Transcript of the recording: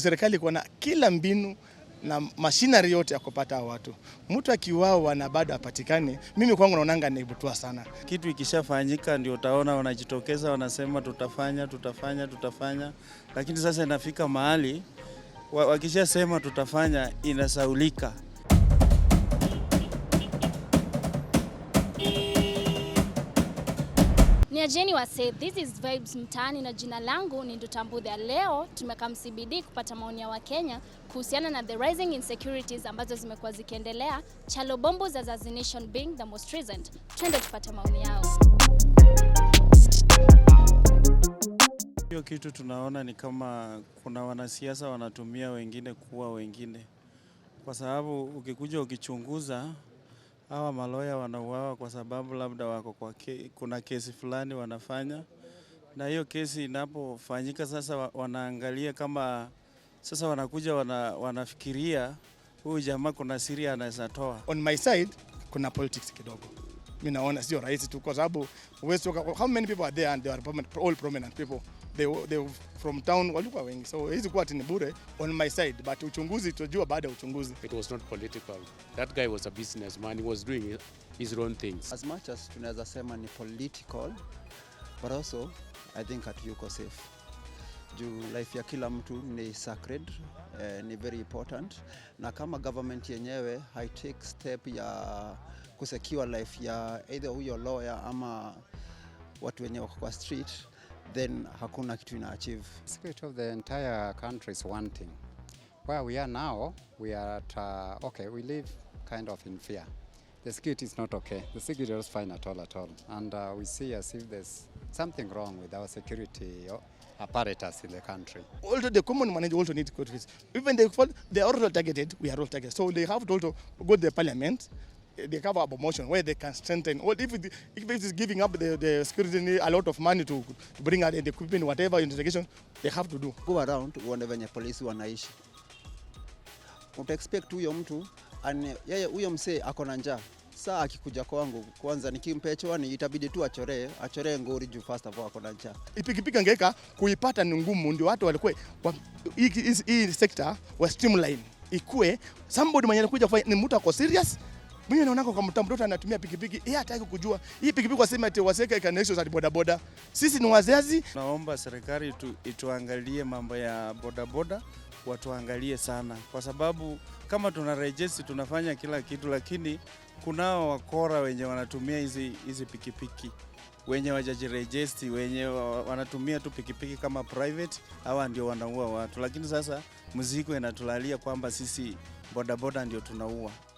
serikali iko na kila mbinu na mashinari yote ya kupata watu. Mtu akiuawa na bado apatikane, mimi kwangu naonanga ni butua sana. Kitu ikishafanyika ndio utaona wanajitokeza, wanasema tutafanya, tutafanya, tutafanya, lakini sasa inafika mahali wakishasema tutafanya inasaulika. Ni ajeni wa Say This Is Vibes mtaani, na jina langu ni Ndutambudha. Leo tumekaa CBD kupata maoni ya Wakenya kuhusiana na the rising insecurities ambazo zimekuwa zikiendelea, Chalo Bombo's assassination being the most recent. Twende tupate maoni yao. Hiyo kitu tunaona ni kama kuna wanasiasa wanatumia wengine kuwa wengine, kwa sababu ukikuja ukichunguza hawa maloya wanauawa kwa sababu labda wako kwa ke, kuna kesi fulani wanafanya, na hiyo kesi inapofanyika sasa wanaangalia kama sasa wanakuja wana, wanafikiria huyu jamaa kuna siri anaweza toa. On my side kuna politics kidogo mimi naona sio rahisi tu, kwa sababu uwezo how many people are there and they are all prominent people they they from town walikuwa wengi, so hizi kwa ni bure on my side, but uchunguzi tutajua baada ya uchunguzi. It was not political, that guy was a businessman, he was doing his own things. As much as tunaweza sema ni political, but also I think hatuyuko safe juu life ya kila mtu ni sacred eh, ni very important, na kama government yenyewe haitake step ya kusecure life ya either huyo lawyer ama watu wenye wako kwa street then hakuna kitu ina achieve. Spirit of the entire country is one thing. Where we are now, we are at, uh, okay, we live kind of in fear. The security is not okay. The security is fine at all at all. And uh, we see as if there's something wrong with our security apparatus in the country. Also, the common manager also needs court fees. Even they, fall, they are also targeted, we are all targeted. So they have to also go to the parliament, eh, they have a motion where they can strengthen. Well, if it, if it is giving up the, the security a lot of money to, to bring out the equipment, whatever investigation they have to do. Go around uone venye polisi wanaishi, uta expect huyo mtu yeye, huyo msee ako na njaa saa akikuja kwangu kwanza nikimpechwani itabidi tu achoree achoree ngori juu first of all akona njaa. Ipikipiki angeka kuipata ni ngumu, ndio watu walikuwa kwa hii sector wa streamline ikue somebody mwenye anakuja ni mtu ako serious mimi naona kwa mtu mtoto anatumia pikipiki, yeye hataki kujua hii pikipiki wasema ati waseke kanisho za boda boda Sisi ni wazazi, naomba serikali tu ituangalie mambo ya boda boda watuangalie sana, kwa sababu kama tuna rejesi tunafanya kila kitu, lakini kunao wakora wenye wanatumia hizi hizi pikipiki wenye wajajirejesti wenye wanatumia tu pikipiki kama private, hawa ndio wanaua watu. Lakini sasa mzigo inatulalia kwamba sisi bodaboda ndio tunaua.